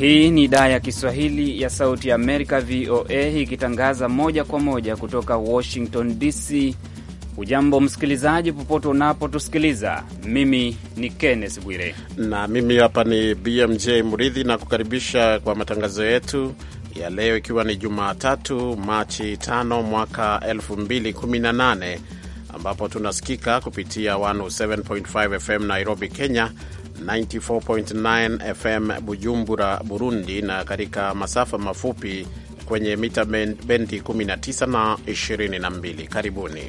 Hii ni idhaa ya Kiswahili ya Sauti ya Amerika, VOA, ikitangaza moja kwa moja kutoka Washington DC. Ujambo msikilizaji, popote unapotusikiliza. Mimi ni Kenneth Bwire na mimi hapa ni BMJ Mridhi na kukaribisha kwa matangazo yetu ya leo, ikiwa ni Jumatatu Machi 5 mwaka 2018 ambapo tunasikika kupitia 107.5 FM Nairobi, Kenya 94.9 FM Bujumbura, Burundi, na katika masafa mafupi kwenye mita bendi 19 na 22. Karibuni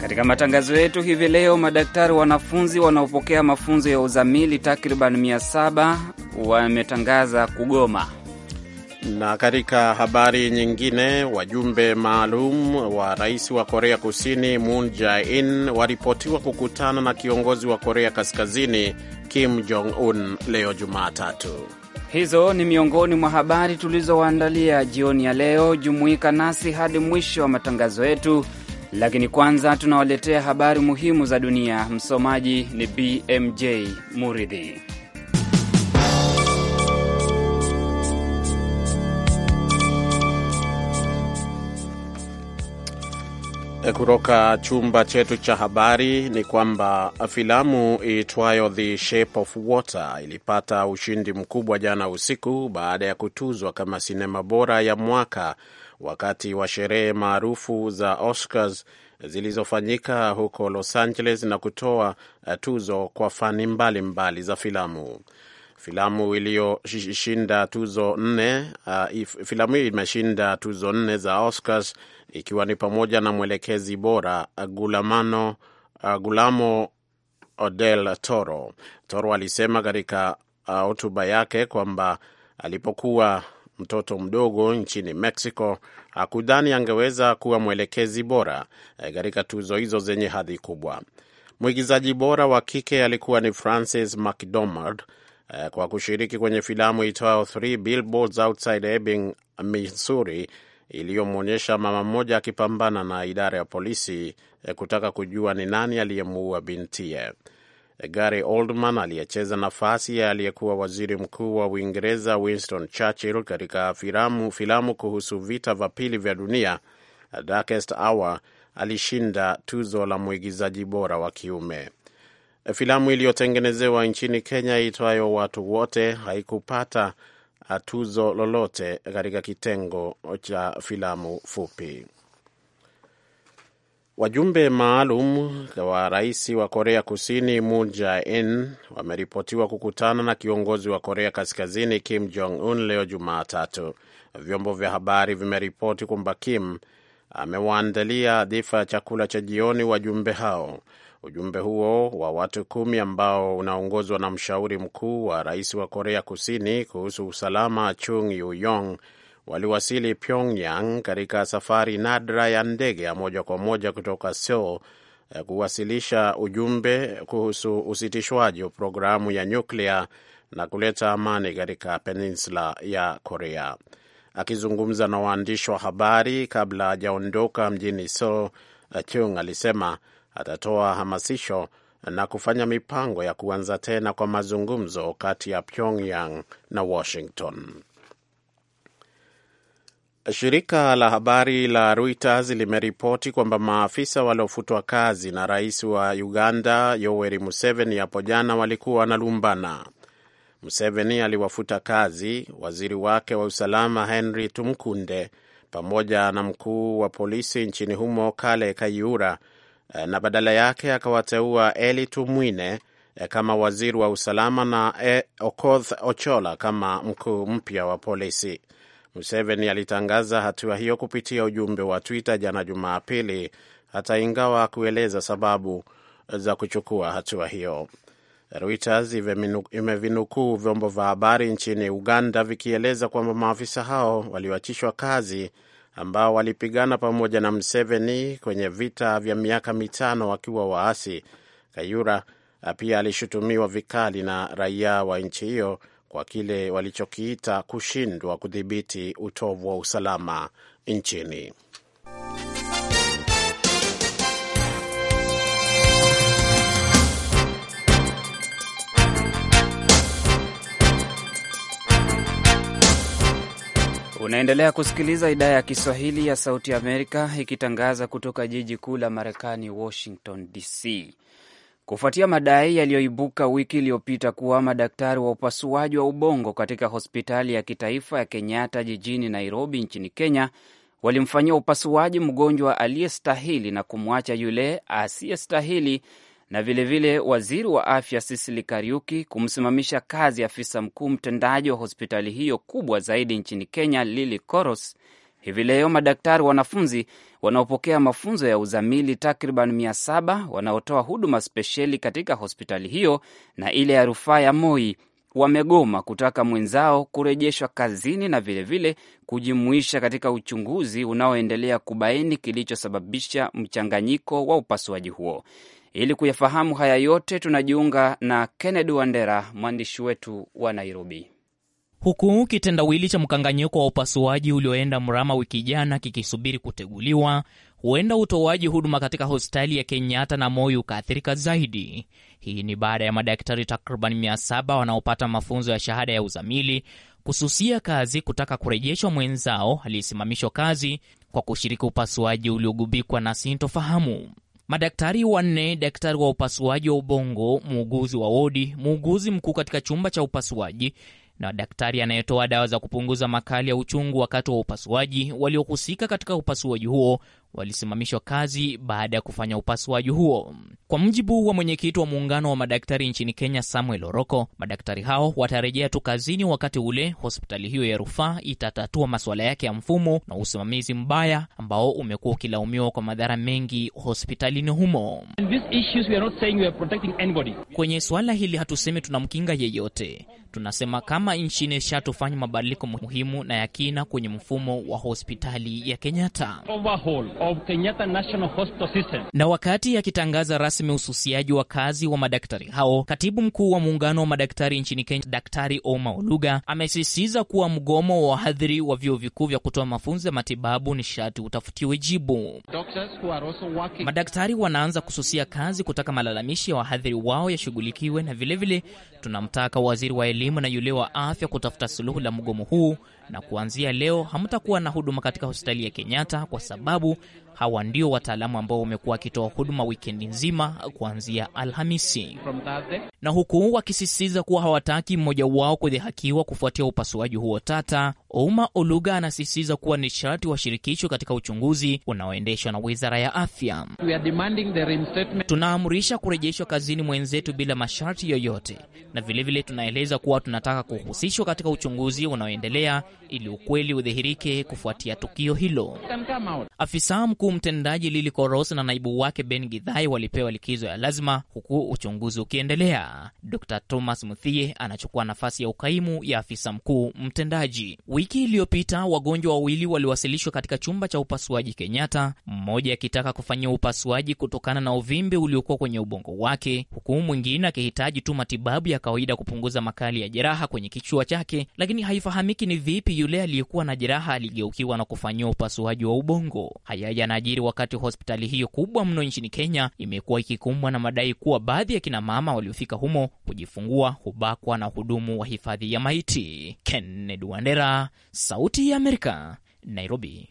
katika matangazo yetu hivi leo. Madaktari wanafunzi wanaopokea mafunzo ya uzamili takriban 700 wametangaza kugoma. Na katika habari nyingine, wajumbe maalum wa rais wa Korea Kusini Moon Jae-in waripotiwa kukutana na kiongozi wa Korea Kaskazini Kim Jong Un leo Jumatatu. Hizo ni miongoni mwa habari tulizowaandalia jioni ya leo. Jumuika nasi hadi mwisho wa matangazo yetu, lakini kwanza tunawaletea habari muhimu za dunia. Msomaji ni BMJ Muridhi. Eh, kutoka chumba chetu cha habari ni kwamba filamu iitwayo The Shape of Water ilipata ushindi mkubwa jana usiku baada ya kutuzwa kama sinema bora ya mwaka wakati wa sherehe maarufu za Oscars zilizofanyika huko Los Angeles na kutoa eh, tuzo kwa fani mbalimbali mbali za filamu. Filamu iliyoshinda tuzo nne, uh, filamu hii imeshinda tuzo nne za Oscars ikiwa ni pamoja na mwelekezi bora uh, Gulamano, uh, Gulamo Odel Toro. Toro alisema katika uh, hotuba yake kwamba alipokuwa mtoto mdogo nchini Mexico hakudhani angeweza kuwa mwelekezi bora katika tuzo hizo zenye hadhi kubwa. Mwigizaji bora wa kike alikuwa ni Frances McDormand kwa kushiriki kwenye filamu itwayo 3 Billboards Outside Ebbing, Missouri, iliyomwonyesha mama mmoja akipambana na idara ya polisi eh, kutaka kujua ni nani aliyemuua bintie. Gary Oldman aliyecheza nafasi ya aliyekuwa waziri mkuu wa Uingereza Winston Churchill katika filamu, filamu kuhusu vita vya pili vya dunia eh, Darkest Hour alishinda tuzo la mwigizaji bora wa kiume. Eh, filamu iliyotengenezewa nchini Kenya iitwayo Watu Wote haikupata tuzo lolote katika kitengo cha filamu fupi. Wajumbe maalum wa rais wa Korea Kusini Moon Jae-in wameripotiwa kukutana na kiongozi wa Korea Kaskazini Kim Jong Un leo Jumatatu. Vyombo vya habari vimeripoti kwamba Kim amewaandalia dhifa ya chakula cha jioni wajumbe hao. Ujumbe huo wa watu kumi ambao unaongozwa na mshauri mkuu wa rais wa Korea Kusini kuhusu usalama Chung Yuyong waliwasili Pyongyang katika safari nadra ya ndege ya moja kwa moja kutoka Seoul eh, kuwasilisha ujumbe kuhusu usitishwaji wa programu ya nyuklia na kuleta amani katika peninsula ya Korea. Akizungumza na waandishi wa habari kabla hajaondoka mjini Seoul, eh, Chung alisema atatoa hamasisho na kufanya mipango ya kuanza tena kwa mazungumzo kati ya Pyongyang na Washington. Shirika la habari la Reuters limeripoti kwamba maafisa waliofutwa kazi na rais wa Uganda Yoweri Museveni hapo jana walikuwa wanalumbana. Museveni aliwafuta kazi waziri wake wa usalama Henry Tumkunde pamoja na mkuu wa polisi nchini humo Kale Kayihura Eh, na badala yake akawateua Eli Tumwine eh, kama waziri wa usalama na e Okoth Ochola kama mkuu mpya wa polisi. Museveni alitangaza hatua hiyo kupitia ujumbe wa Twitter jana Jumapili, hata ingawa akueleza sababu za kuchukua hatua hiyo. Reuters imevinukuu vyombo vya habari nchini Uganda vikieleza kwamba maafisa hao walioachishwa kazi ambao walipigana pamoja na Mseveni kwenye vita vya miaka mitano wakiwa waasi. Kayura eh, pia alishutumiwa vikali na raia wa nchi hiyo kwa kile walichokiita kushindwa kudhibiti utovu wa usalama nchini. Unaendelea kusikiliza idhaa ya Kiswahili ya Sauti Amerika ikitangaza kutoka jiji kuu la Marekani, Washington DC. Kufuatia madai yaliyoibuka wiki iliyopita kuwa madaktari wa upasuaji wa ubongo katika hospitali ya kitaifa ya Kenyatta jijini Nairobi nchini Kenya walimfanyia upasuaji mgonjwa aliyestahili na kumwacha yule asiyestahili na vilevile vile waziri wa afya sisili Kariuki kumsimamisha kazi afisa mkuu mtendaji wa hospitali hiyo kubwa zaidi nchini Kenya, lili Koros. Hivi leo madaktari wanafunzi wanaopokea mafunzo ya uzamili takriban mia saba wanaotoa huduma spesheli katika hospitali hiyo na ile ya rufaa ya Moi wamegoma kutaka mwenzao kurejeshwa kazini na vilevile vile kujumuisha katika uchunguzi unaoendelea kubaini kilichosababisha mchanganyiko wa upasuaji huo. Ili kuyafahamu haya yote, tunajiunga na Kennedy Wandera, mwandishi wetu wa Nairobi. Huku kitendawili cha mkanganyiko wa upasuaji ulioenda mrama wiki jana kikisubiri kuteguliwa, huenda utoaji huduma katika hospitali ya Kenyatta na Moi ukaathirika zaidi. Hii ni baada ya madaktari takriban 7 wanaopata mafunzo ya shahada ya uzamili kususia kazi, kutaka kurejeshwa mwenzao aliyesimamishwa kazi kwa kushiriki upasuaji uliogubikwa na sintofahamu. Madaktari wanne, daktari wa upasuaji wa ubongo, muuguzi wa wodi, muuguzi mkuu katika chumba cha upasuaji na daktari anayetoa dawa za kupunguza makali ya uchungu wakati wa upasuaji waliohusika katika upasuaji huo walisimamishwa kazi baada ya kufanya upasuaji huo. Kwa mujibu wa mwenyekiti wa muungano wa madaktari nchini Kenya, Samuel Oroko, madaktari hao watarejea tu kazini wakati ule hospitali hiyo ya rufaa itatatua masuala yake ya mfumo na usimamizi mbaya ambao umekuwa ukilaumiwa kwa madhara mengi hospitalini humo. Issues, Kwenye suala hili hatusemi tunamkinga yeyote, tunasema kama nchi imeshatufanya mabadiliko muhimu na ya kina kwenye mfumo wa hospitali ya Kenyatta of Kenyatta National Hospital System. Na wakati akitangaza rasmi ususiaji wa kazi wa madaktari hao, katibu mkuu wa muungano wa madaktari nchini Kenya, Daktari Oma Oluga, amesisitiza kuwa mgomo wa wahadhiri wa vyuo vikuu vya kutoa mafunzo ya matibabu ni sharti utafutiwe jibu. Madaktari wanaanza kususia kazi kutaka malalamishi ya wahadhiri wao yashughulikiwe, na vilevile tunamtaka waziri wa elimu na yule wa afya kutafuta suluhu la mgomo huu na kuanzia leo hamtakuwa na huduma katika hospitali ya Kenyatta kwa sababu Hawa ndio wataalamu ambao wamekuwa wakitoa huduma wikendi nzima kuanzia Alhamisi, na huku wakisisitiza kuwa hawataki mmoja wao kudhihakiwa kufuatia upasuaji huo tata. Ouma Oluga anasisitiza kuwa ni sharti washirikishwe katika uchunguzi unaoendeshwa na wizara ya afya. Tunaamrisha kurejeshwa kazini mwenzetu bila masharti yoyote, na vilevile tunaeleza kuwa tunataka kuhusishwa katika uchunguzi unaoendelea ili ukweli udhihirike kufuatia tukio hilo. Afisa mkuu mkuu mtendaji Lili Koros na naibu wake Ben Gidhai walipewa likizo ya lazima huku uchunguzi ukiendelea. Dr Thomas Muthie anachukua nafasi ya ukaimu ya afisa mkuu mtendaji. Wiki iliyopita wagonjwa wawili waliwasilishwa katika chumba cha upasuaji Kenyatta, mmoja akitaka kufanyia upasuaji kutokana na uvimbe uliokuwa kwenye ubongo wake, huku mwingine akihitaji tu matibabu ya kawaida kupunguza makali ya jeraha kwenye kichwa chake, lakini haifahamiki ni vipi yule aliyekuwa na jeraha aligeukiwa na kufanyiwa upasuaji wa ubongo. Haya yana yanajiri wakati hospitali hiyo kubwa mno nchini Kenya imekuwa ikikumbwa na madai kuwa baadhi ya kinamama waliofika humo kujifungua hubakwa na hudumu wa hifadhi ya maiti. Kennedy Wandera, Sauti ya Amerika, Nairobi.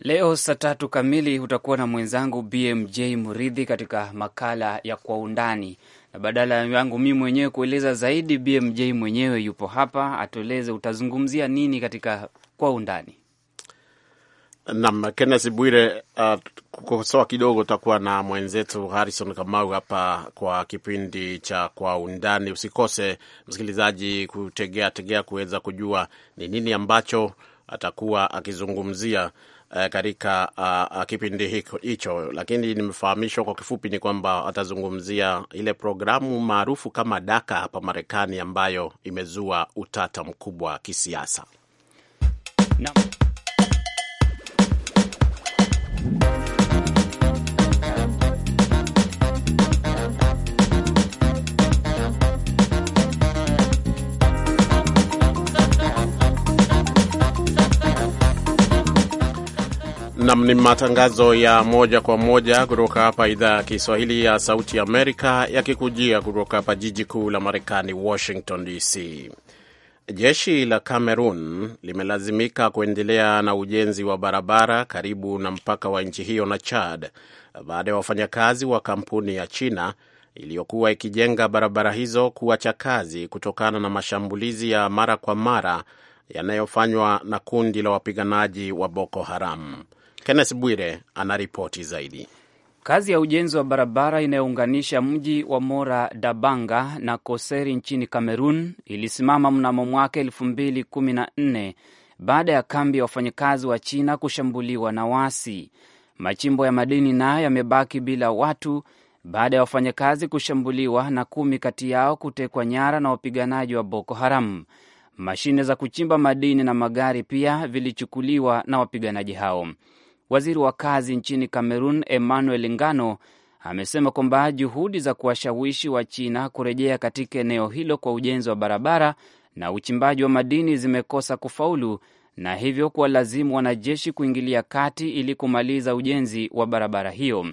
Leo saa tatu kamili utakuwa na mwenzangu BMJ Muridhi katika makala ya Kwa Undani, na badala yangu mi mwenyewe kueleza zaidi, BMJ mwenyewe yupo hapa atueleze utazungumzia nini katika Kwa Undani. Nam Kenneth Bwire, uh, kukosoa kidogo utakuwa na mwenzetu Harrison Kamau hapa kwa kipindi cha Kwa Undani. Usikose msikilizaji kutegea tegea kuweza kujua ni nini ambacho atakuwa akizungumzia uh, katika uh, kipindi hicho, lakini nimefahamishwa kwa kifupi ni kwamba atazungumzia ile programu maarufu kama Daka hapa Marekani ambayo imezua utata mkubwa wa kisiasa. Nam. Nam ni matangazo ya moja kwa moja kutoka hapa idhaa ya Kiswahili ya Sauti Amerika yakikujia kutoka hapa jiji kuu la Marekani, Washington DC. Jeshi la Cameroon limelazimika kuendelea na ujenzi wa barabara karibu na mpaka wa nchi hiyo na Chad baada ya wafanyakazi wa kampuni ya China iliyokuwa ikijenga barabara hizo kuacha kazi kutokana na mashambulizi ya mara kwa mara yanayofanywa na kundi la wapiganaji wa Boko Haram. Kenneth Bwire anaripoti zaidi. Kazi ya ujenzi wa barabara inayounganisha mji wa Mora Dabanga na Koseri nchini Kamerun ilisimama mnamo mwaka 214 baada ya kambi ya wafanyakazi wa China kushambuliwa na wasi. Machimbo ya madini nayo yamebaki bila watu baada ya wafanyakazi kushambuliwa na kumi kati yao kutekwa nyara na wapiganaji wa Boko Haram. Mashine za kuchimba madini na magari pia vilichukuliwa na wapiganaji hao. Waziri wa kazi nchini cameron Emmanuel Ngano amesema kwamba juhudi za kuwashawishi wa China kurejea katika eneo hilo kwa ujenzi wa barabara na uchimbaji wa madini zimekosa kufaulu na hivyo kuwalazimu wanajeshi kuingilia kati ili kumaliza ujenzi wa barabara hiyo.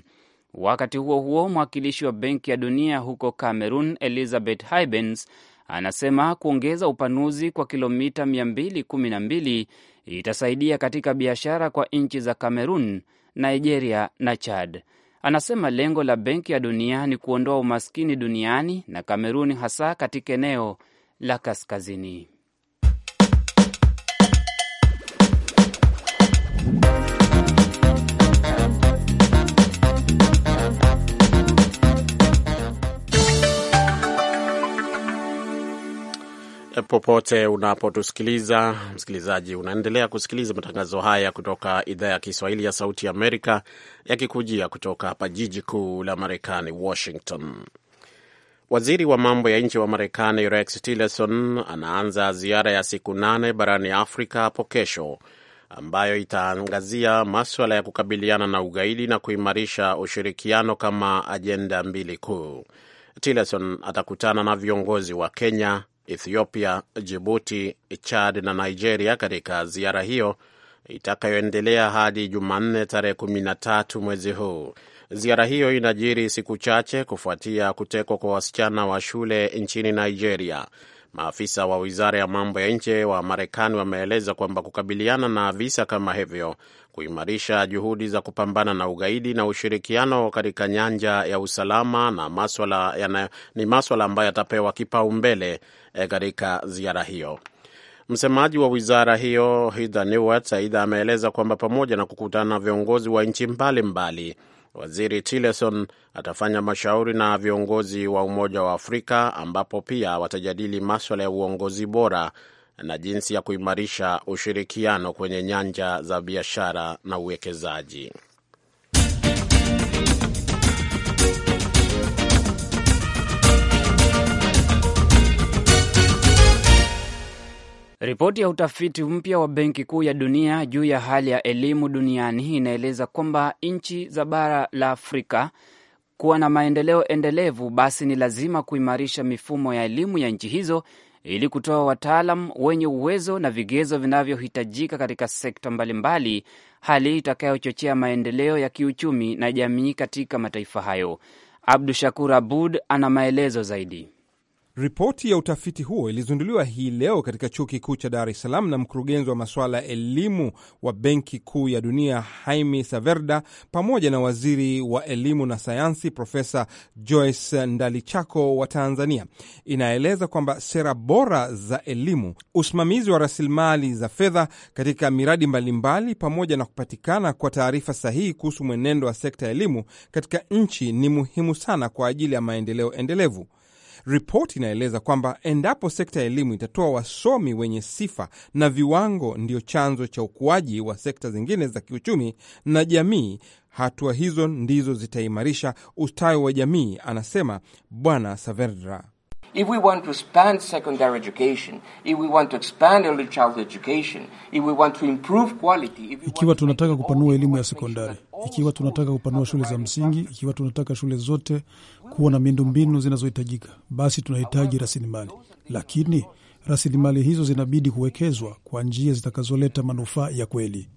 Wakati huo huo, mwakilishi wa Benki ya Dunia huko Cameroon Elizabeth Hibens anasema kuongeza upanuzi kwa kilomita 212 itasaidia katika biashara kwa nchi za Kamerun, Nigeria na Chad. Anasema lengo la Benki ya Dunia ni kuondoa umaskini duniani na Kamerun, hasa katika eneo la kaskazini. popote unapotusikiliza, msikilizaji, unaendelea kusikiliza matangazo haya kutoka idhaa ya Kiswahili ya Sauti ya Amerika yakikujia kutoka hapa jiji kuu la Marekani, Washington. Waziri wa mambo ya nje wa Marekani Rex Tillerson anaanza ziara ya siku nane barani Afrika hapo kesho, ambayo itaangazia maswala ya kukabiliana na ugaidi na kuimarisha ushirikiano kama ajenda mbili kuu. Tillerson atakutana na viongozi wa Kenya, Ethiopia, Jibuti, Chad na Nigeria katika ziara hiyo itakayoendelea hadi Jumanne tarehe kumi na tatu mwezi huu. Ziara hiyo inajiri siku chache kufuatia kutekwa kwa wasichana wa shule nchini Nigeria. Maafisa wa wizara ya mambo ya nje wa Marekani wameeleza kwamba kukabiliana na visa kama hivyo, kuimarisha juhudi za kupambana na ugaidi na ushirikiano katika nyanja ya usalama na maswala ya ni maswala ambayo yatapewa kipaumbele eh, katika ziara hiyo. Msemaji wa wizara hiyo Heather Nauert aidha ameeleza kwamba pamoja na kukutana na viongozi wa nchi mbalimbali Waziri Tillerson atafanya mashauri na viongozi wa Umoja wa Afrika ambapo pia watajadili maswala ya uongozi bora na jinsi ya kuimarisha ushirikiano kwenye nyanja za biashara na uwekezaji. Ripoti ya utafiti mpya wa Benki Kuu ya Dunia juu ya hali ya elimu duniani inaeleza kwamba nchi za bara la Afrika kuwa na maendeleo endelevu, basi ni lazima kuimarisha mifumo ya elimu ya nchi hizo ili kutoa wataalam wenye uwezo na vigezo vinavyohitajika katika sekta mbalimbali, hali itakayochochea maendeleo ya kiuchumi na jamii katika mataifa hayo. Abdu Shakur Abud ana maelezo zaidi. Ripoti ya utafiti huo ilizinduliwa hii leo katika chuo kikuu cha Dar es Salaam na mkurugenzi wa masuala ya elimu wa Benki Kuu ya Dunia Haimi Saverda pamoja na waziri wa elimu na sayansi Profesa Joyce Ndalichako wa Tanzania. Inaeleza kwamba sera bora za elimu, usimamizi wa rasilimali za fedha katika miradi mbalimbali, pamoja na kupatikana kwa taarifa sahihi kuhusu mwenendo wa sekta ya elimu katika nchi ni muhimu sana kwa ajili ya maendeleo endelevu. Ripoti inaeleza kwamba endapo sekta ya elimu itatoa wasomi wenye sifa na viwango ndio chanzo cha ukuaji wa sekta zingine za kiuchumi na jamii, hatua hizo ndizo zitaimarisha ustawi wa jamii, anasema Bwana Saavedra. If we want to expand secondary education, if we want to expand early childhood education, if we want to improve quality, ikiwa tunataka kupanua elimu ya sekondari, ikiwa tunataka kupanua shule za msingi, ikiwa tunataka shule zote kuwa na miundombinu zinazohitajika, basi tunahitaji rasilimali, lakini rasilimali hizo zinabidi kuwekezwa kwa njia zitakazoleta manufaa ya kweli.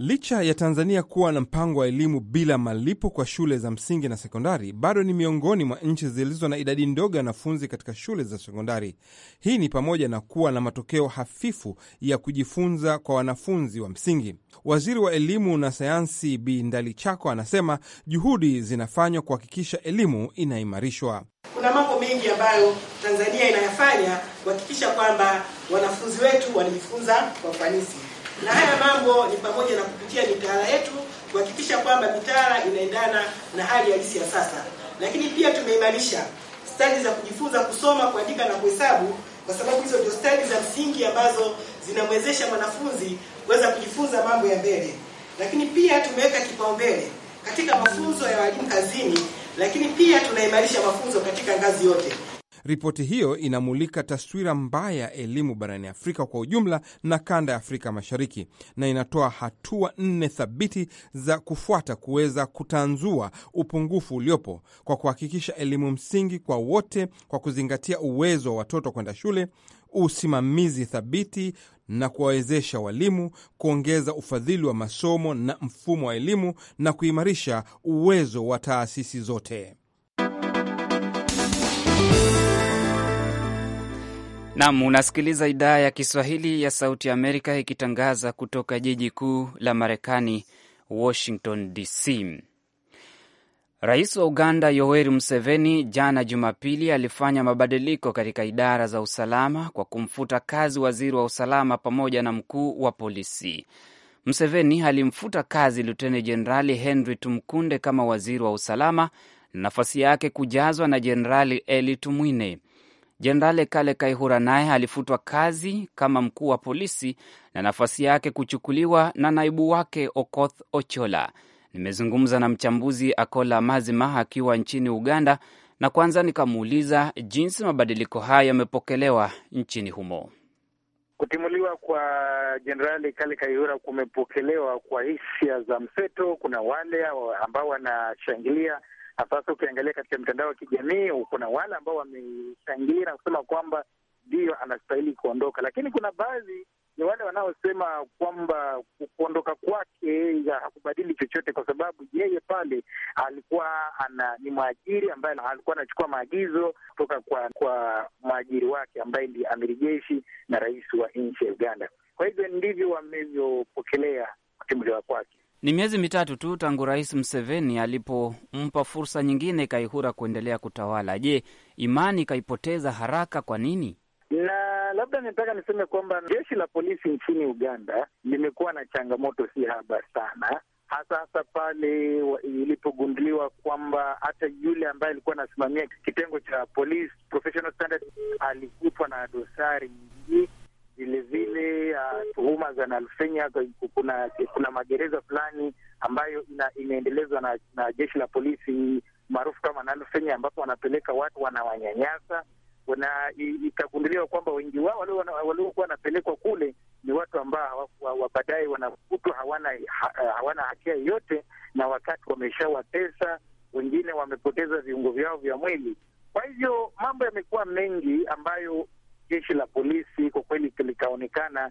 Licha ya Tanzania kuwa na mpango wa elimu bila malipo kwa shule za msingi na sekondari, bado ni miongoni mwa nchi zilizo na idadi ndogo ya wanafunzi katika shule za sekondari. Hii ni pamoja na kuwa na matokeo hafifu ya kujifunza kwa wanafunzi wa msingi. Waziri wa Elimu na Sayansi Bi Ndalichako anasema juhudi zinafanywa kuhakikisha elimu inaimarishwa. Kuna mambo mengi ambayo Tanzania inayafanya kuhakikisha kwamba wanafunzi wetu wanajifunza kwa ufanisi na haya mambo ni pamoja na kupitia mitaala yetu kuhakikisha kwamba mitaala inaendana na hali halisi ya sasa, lakini pia tumeimarisha stadi za kujifunza kusoma, kuandika na kuhesabu, kwa sababu hizo ndio stadi za msingi ambazo zinamwezesha mwanafunzi kuweza kujifunza mambo ya mbele. Lakini pia tumeweka kipaumbele katika mafunzo ya walimu kazini, lakini pia tunaimarisha mafunzo katika ngazi yote. Ripoti hiyo inamulika taswira mbaya ya elimu barani Afrika kwa ujumla na kanda ya Afrika Mashariki, na inatoa hatua nne thabiti za kufuata kuweza kutanzua upungufu uliopo kwa kuhakikisha elimu msingi kwa wote kwa kuzingatia uwezo wa watoto kwenda shule, usimamizi thabiti na kuwawezesha walimu, kuongeza ufadhili wa masomo na mfumo wa elimu na kuimarisha uwezo wa taasisi zote. Nam, unasikiliza idhaa ya Kiswahili ya Sauti ya Amerika ikitangaza kutoka jiji kuu la Marekani, Washington DC. Rais wa Uganda Yoweri Museveni jana Jumapili alifanya mabadiliko katika idara za usalama kwa kumfuta kazi waziri wa usalama pamoja na mkuu wa polisi. Museveni alimfuta kazi Luteni Jenerali Henry Tumkunde kama waziri wa usalama na nafasi yake kujazwa na Jenerali Eli Tumwine. Jenerali Kale Kaihura naye alifutwa kazi kama mkuu wa polisi na nafasi yake kuchukuliwa na naibu wake Okoth Ochola. Nimezungumza na mchambuzi Akola Mazima akiwa nchini Uganda, na kwanza nikamuuliza jinsi mabadiliko haya yamepokelewa nchini humo. Kutimuliwa kwa Jenerali Kale Kaihura kumepokelewa kwa hisia za mseto. Kuna wale ambao wanashangilia sasa ukiangalia katika mtandao wa kijamii, kuna wale ambao wameshangilia na kusema kwamba ndiyo anastahili kuondoka, lakini kuna baadhi ya wale wanaosema kwamba kuondoka kwake hakubadili chochote, kwa sababu yeye pale alikuwa ana, ni mwajiri ambaye alikuwa anachukua maagizo kutoka kwa kwa mwajiri wake ambaye ndi amiri jeshi na rais wa nchi ya Uganda. Kwa hivyo ndivyo wamevyopokelea kutimuliwa kwake. Ni miezi mitatu tu tangu Rais Mseveni alipompa fursa nyingine Kaihura kuendelea kutawala. Je, imani ikaipoteza haraka? Kwa nini? na labda nataka niseme kwamba jeshi la polisi nchini Uganda limekuwa na changamoto si haba sana, hasa hasa pale ilipogunduliwa kwamba hata yule ambaye alikuwa anasimamia kitengo cha police professional standard alikutwa na dosari nyingi vilevile ah, tuhuma za Nalfenya. Kuna, kuna magereza fulani ambayo ina, na, na jeshi la polisi maarufu kama Nalfenya, ambapo wanapeleka watu wanawanyanyasa na ikagunduliwa kwamba wengi wao waliokuwa wanapelekwa kule ni watu ambao baadaye wanakutwa hawana ha, hawana hatia yoyote, na wakati wameshawatesa wengine, wamepoteza viungo vyao vya mwili. Kwa hivyo mambo yamekuwa mengi ambayo jeshi la polisi likaonekana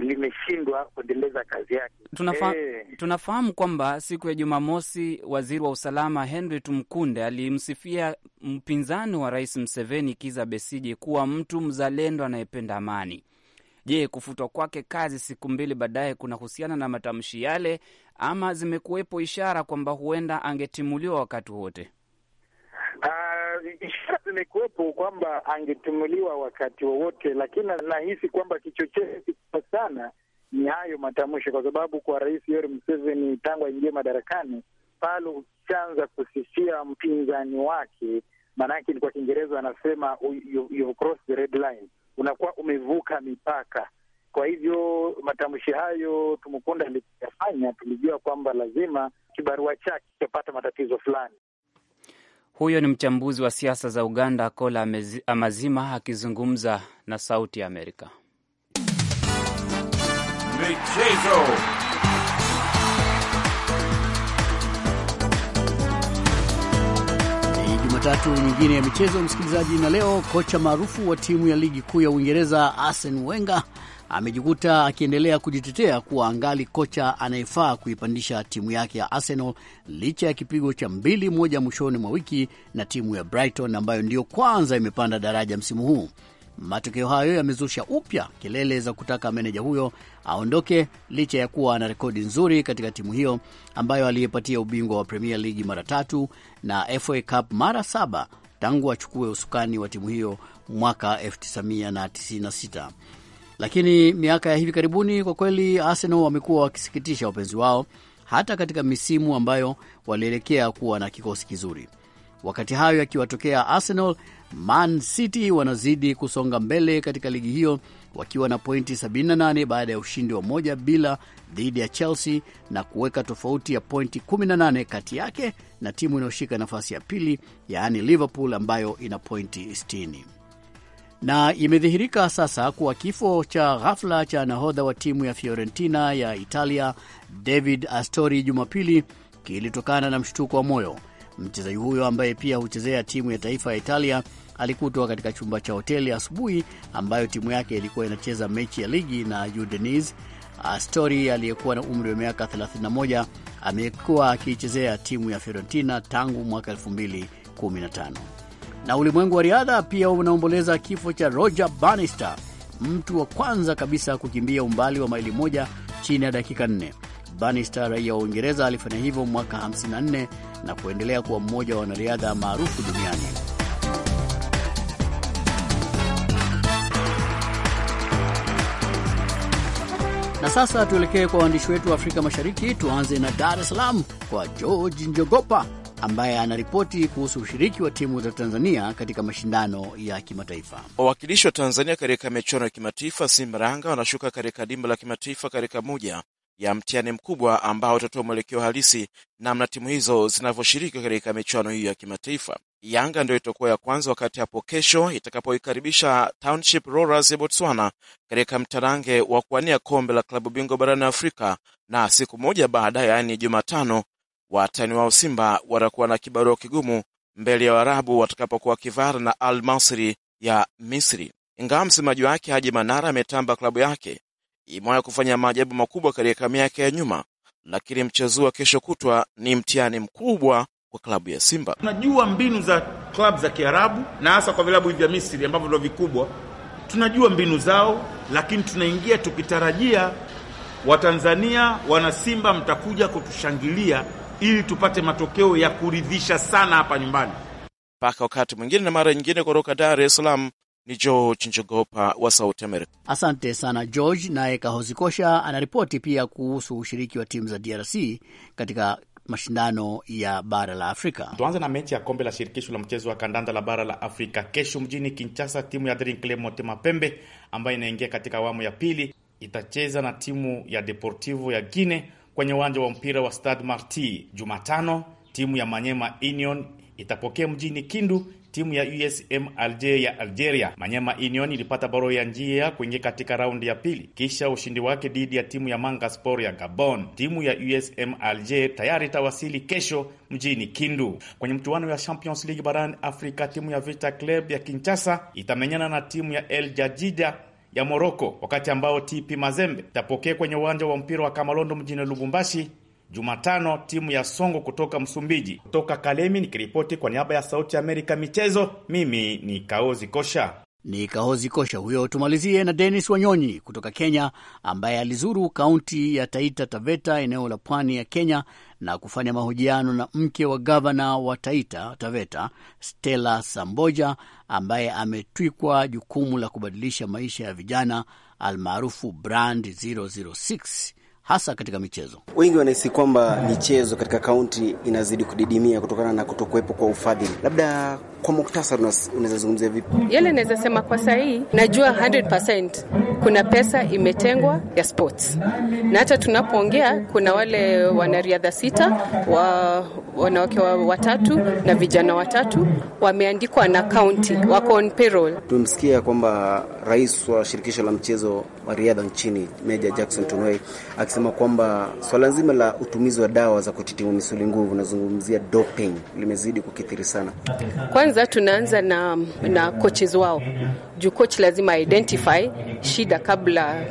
limeshindwa kuendeleza kazi yake. Tunafa e, tunafahamu kwamba siku ya Jumamosi waziri wa usalama Henry Tumkunde alimsifia mpinzani wa rais Mseveni Kiza Besiji kuwa mtu mzalendo anayependa amani. Je, kufutwa kwake kazi siku mbili baadaye kunahusiana na matamshi yale ama zimekuwepo ishara kwamba huenda angetimuliwa wakati wote? Uh, kuwepo kwamba angetumuliwa wakati wowote lakini nahisi kwamba kichochezi kikubwa sana ni hayo matamshi, kwa sababu kwa Rais Yoweri Museveni tangu aingie madarakani, pale ukishaanza kusifia mpinzani wake, maanake kwa Kiingereza anasema the red line, unakuwa umevuka mipaka. Kwa hivyo matamshi hayo tumekunda aliyafanya, tulijua kwamba lazima kibarua chake kitapata matatizo fulani. Huyo ni mchambuzi wa siasa za Uganda, Kola Amazima akizungumza na Sauti ya Amerika. Michezo. Jumatatu nyingine ya michezo msikilizaji, na leo kocha maarufu wa timu ya ligi kuu ya Uingereza Arsene Wenger amejikuta akiendelea kujitetea kuwa angali kocha anayefaa kuipandisha timu yake ya Arsenal licha ya kipigo cha mbili moja mwishoni mwa wiki na timu ya Brighton ambayo ndiyo kwanza imepanda daraja msimu huu. Matokeo hayo yamezusha upya kelele za kutaka meneja huyo aondoke licha ya kuwa ana rekodi nzuri katika timu hiyo ambayo aliyepatia ubingwa wa Premier League mara tatu na FA Cup mara saba tangu achukue usukani wa timu hiyo mwaka 1996. Lakini miaka ya hivi karibuni kwa kweli, Arsenal wamekuwa wakisikitisha wapenzi wao, hata katika misimu ambayo walielekea kuwa na kikosi kizuri. Wakati hayo yakiwatokea Arsenal, Man City wanazidi kusonga mbele katika ligi hiyo wakiwa na pointi 78 baada ya ushindi wa moja bila dhidi ya Chelsea na kuweka tofauti ya pointi 18 kati yake na timu inayoshika nafasi ya pili, yaani Liverpool ambayo ina pointi 60 na imedhihirika sasa kuwa kifo cha ghafla cha nahodha wa timu ya Fiorentina ya Italia David Astori Jumapili kilitokana na mshtuko wa moyo. Mchezaji huyo ambaye pia huchezea timu ya taifa ya Italia alikutwa katika chumba cha hoteli asubuhi ambayo timu yake ilikuwa inacheza mechi ya ligi na Udinese. Astori aliyekuwa na umri wa miaka 31 amekuwa akiichezea timu ya Fiorentina tangu mwaka 2015. Na ulimwengu wa riadha pia unaomboleza kifo cha Roger Bannister, mtu wa kwanza kabisa kukimbia umbali wa maili moja chini ya dakika nne. Bannister, raia wa Uingereza, alifanya hivyo mwaka 54 na kuendelea kuwa mmoja wa wanariadha maarufu duniani. Na sasa tuelekee kwa waandishi wetu wa Afrika Mashariki. Tuanze na Dar es Salaam kwa George Njogopa ambaye anaripoti kuhusu ushiriki wa timu za Tanzania katika mashindano ya kimataifa. Wawakilishi wa Tanzania katika michuano ya kimataifa simranga wanashuka katika dimba la kimataifa katika moja ya mtihani mkubwa ambao utatoa mwelekeo halisi namna timu hizo zinavyoshiriki katika michuano hiyo ya kimataifa. Yanga ndio itakuwa ya kwanza, wakati hapo kesho itakapoikaribisha Township Rollers ya Botswana katika mtarange wa kuwania kombe la klabu bingwa barani Afrika, na siku moja baadaye, yaani Jumatano, Watani wao Simba watakuwa na kibarua kigumu mbele ya Waarabu watakapokuwa kivara na Al Masri ya Misri, ingawa msemaji wake Haji Manara ametamba klabu yake imewahi kufanya maajabu makubwa katika miaka ya nyuma, lakini mchezo wa kesho kutwa ni mtihani mkubwa kwa klabu ya Simba. Tunajua mbinu za klabu za Kiarabu na hasa kwa vilabu hivi vya Misri ambavyo ndo vikubwa, tunajua mbinu zao, lakini tunaingia tukitarajia Watanzania, Wanasimba mtakuja kutushangilia ili tupate matokeo ya kuridhisha sana hapa nyumbani. Mpaka wakati mwingine na mara nyingine, kutoka Dar es Salaam ni George Njogopa wa Sauti Amerika. Asante sana George. Naye Kahozi Kosha anaripoti pia kuhusu ushiriki wa timu za DRC katika mashindano ya bara la Afrika. Tuanze na mechi ya kombe la shirikisho la mchezo wa kandanda la bara la Afrika kesho mjini Kinshasa. Timu ya Daring mapembe ambayo inaingia katika awamu ya pili itacheza na timu ya Deportivo ya Guine kwenye uwanja wa mpira wa Stade Marti. Jumatano timu ya Manyema Union itapokea mjini Kindu timu ya USM Alger ya Algeria. Manyema Union ilipata barua ya njia kuingia katika raundi ya pili kisha ushindi wake dhidi ya timu ya Manga Sport ya Gabon. Timu ya USM Alger tayari itawasili kesho mjini Kindu. Kwenye mchuano ya Champions League barani Afrika, timu ya Vita Club ya Kinshasa itamenyana na timu ya El Jadida ya Moroko, wakati ambao TP Mazembe itapokea kwenye uwanja wa mpira wa Kamalondo mjini Lubumbashi Jumatano timu ya Songo kutoka Msumbiji. Kutoka Kalemi nikiripoti kwa niaba ya Sauti ya Amerika michezo, mimi ni Kaozi Kosha. Ni Kaozi Kosha huyo. Tumalizie na Denis Wanyonyi kutoka Kenya, ambaye alizuru kaunti ya Taita Taveta, eneo la pwani ya Kenya, na kufanya mahojiano na mke wa gavana wa Taita Taveta, Stella Samboja, ambaye ametwikwa jukumu la kubadilisha maisha ya vijana almaarufu Brand 006 hasa katika michezo. Wengi wanahisi kwamba michezo katika kaunti inazidi kudidimia kutokana na kutokuwepo kwa ufadhili. Labda kwa muktasari, unaweza zungumzia vipi yale? Naweza sema kwa saa hii najua 100% kuna pesa imetengwa ya sports, na hata tunapoongea kuna wale wanariadha sita wa, wanawake wa, watatu na vijana watatu wameandikwa na kaunti, wako on payroll. Tumemsikia kwamba rais wa shirikisho la mchezo wa riadha nchini Meja Jackson Tunoi kusema kwamba swala nzima la utumizi wa dawa za kutitimua misuli nguvu, nazungumzia doping, limezidi kukithiri sana. Kwanza tunaanza na, na coaches wao juu coach lazima identify shida kabla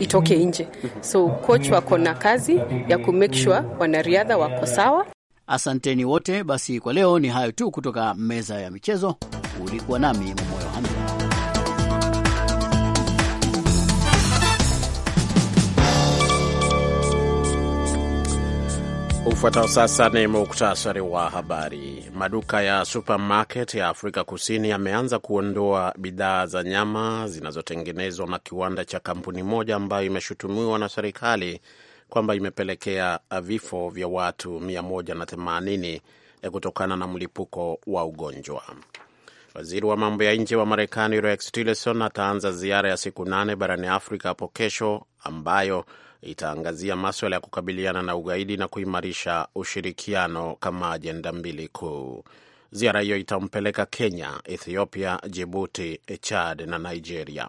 itoke nje, so coach wako na kazi ya kumake sure wanariadha wako sawa. Asanteni wote. Basi kwa leo ni hayo tu kutoka meza ya michezo. Ulikuwa nami Momoyo Hamza. Ufuatao sasa ni muktasari wa habari. Maduka ya supermarket ya Afrika Kusini yameanza kuondoa bidhaa za nyama zinazotengenezwa na kiwanda cha kampuni moja ambayo imeshutumiwa na serikali kwamba imepelekea vifo vya watu 180 eh, kutokana na mlipuko wa ugonjwa. Waziri wa mambo ya nje wa Marekani Rex Tillerson ataanza ziara ya siku nane barani Afrika hapo kesho ambayo itaangazia maswala ya kukabiliana na ugaidi na kuimarisha ushirikiano kama ajenda mbili kuu. Ziara hiyo itampeleka Kenya, Ethiopia, Jibuti, Chad na Nigeria.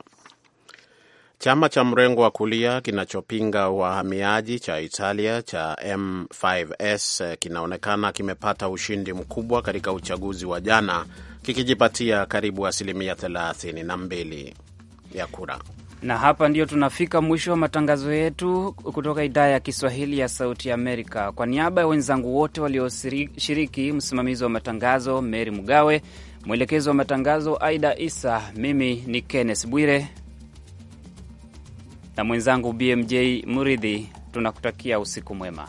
Chama cha mrengo wa kulia kinachopinga wahamiaji cha Italia cha M5S kinaonekana kimepata ushindi mkubwa katika uchaguzi wa jana kikijipatia karibu asilimia 32 ya kura. Na hapa ndio tunafika mwisho wa matangazo yetu kutoka idhaa ya Kiswahili ya Sauti Amerika. Kwa niaba ya wenzangu wote walioshiriki, msimamizi wa matangazo Meri Mgawe, mwelekezi wa matangazo Aida Isa, mimi ni Kenneth Bwire na mwenzangu BMJ Muridhi, tunakutakia usiku mwema.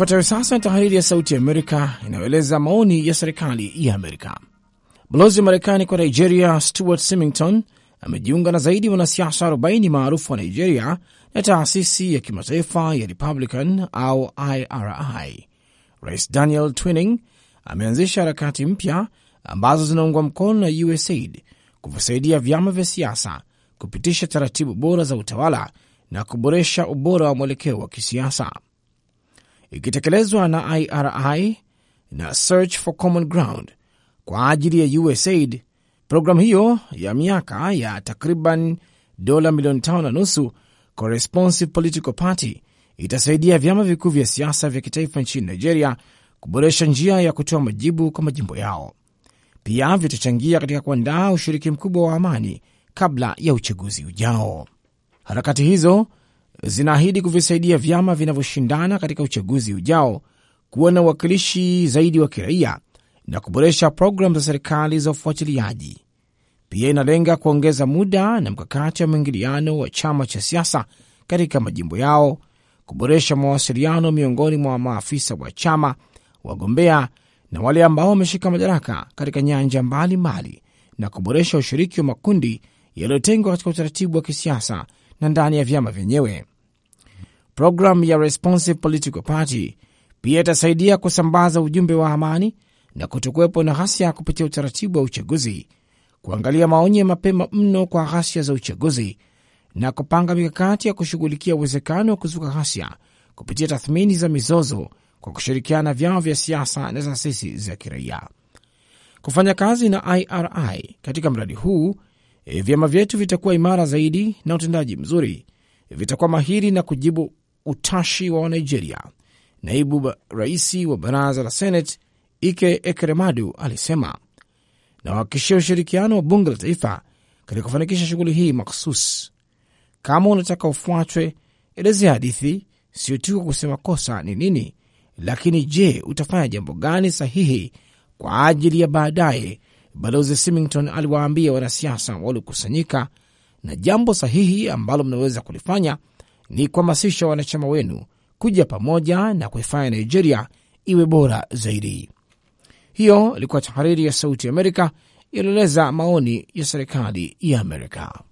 Ifuatayo sasa ni tahariri ya Sauti ya Amerika inayoeleza maoni ya serikali ya Amerika. Balozi wa Marekani kwa Nigeria Stuart Simington amejiunga na zaidi ya wanasiasa 40 maarufu wa Nigeria na taasisi ya kimataifa ya Republican au IRI. Rais Daniel Twining ameanzisha harakati mpya ambazo zinaungwa mkono na USAID kuvisaidia vyama vya siasa kupitisha taratibu bora za utawala na kuboresha ubora wa mwelekeo wa kisiasa ikitekelezwa na IRI na Search for Common Ground kwa ajili ya USAID. Programu hiyo ya miaka ya takriban dola milioni tano na nusu kwa Responsive Political Party itasaidia vyama vikuu vya siasa vya kitaifa nchini Nigeria kuboresha njia ya kutoa majibu kwa majimbo yao. Pia vitachangia katika kuandaa ushiriki mkubwa wa amani kabla ya uchaguzi ujao. Harakati hizo zinaahidi kuvisaidia vyama vinavyoshindana katika uchaguzi ujao kuwa na uwakilishi zaidi wa kiraia na kuboresha programu za serikali za ufuatiliaji. Pia inalenga kuongeza muda na mkakati wa mwingiliano wa chama cha siasa katika majimbo yao, kuboresha mawasiliano miongoni mwa maafisa wa chama, wagombea na wale ambao wameshika madaraka katika nyanja mbalimbali, na kuboresha ushiriki wa makundi yaliyotengwa katika utaratibu wa kisiasa na ndani ya vyama vyenyewe. Programu ya Responsive Political Party pia itasaidia kusambaza ujumbe wa amani na kutokuwepo na ghasia kupitia utaratibu wa uchaguzi, kuangalia maoni ya mapema mno kwa ghasia za uchaguzi na kupanga mikakati ya kushughulikia uwezekano wa kuzuka ghasia kupitia tathmini za mizozo kwa kushirikiana na vyama vya siasa na taasisi za kiraia. Kufanya kazi na IRI katika mradi huu, eh, vyama vyetu vitakuwa imara zaidi na utendaji mzuri, vitakuwa mahiri na kujibu utashi wa Wanigeria. Naibu rais wa baraza la Senate Ike Ekeremadu alisema, nawahakikishia ushirikiano wa bunge la taifa katika kufanikisha shughuli hii makhusus. Kama unataka ufuatwe, elezea hadithi, sio tu kwa kusema kosa ni nini, lakini je, utafanya jambo gani sahihi kwa ajili ya baadaye? Balozi Simington aliwaambia wanasiasa waliokusanyika, na jambo sahihi ambalo mnaweza kulifanya ni kuhamasisha wanachama wenu kuja pamoja na kuifanya Nigeria iwe bora zaidi. Hiyo ilikuwa tahariri ya Sauti ya Amerika ilieleza maoni ya serikali ya Amerika.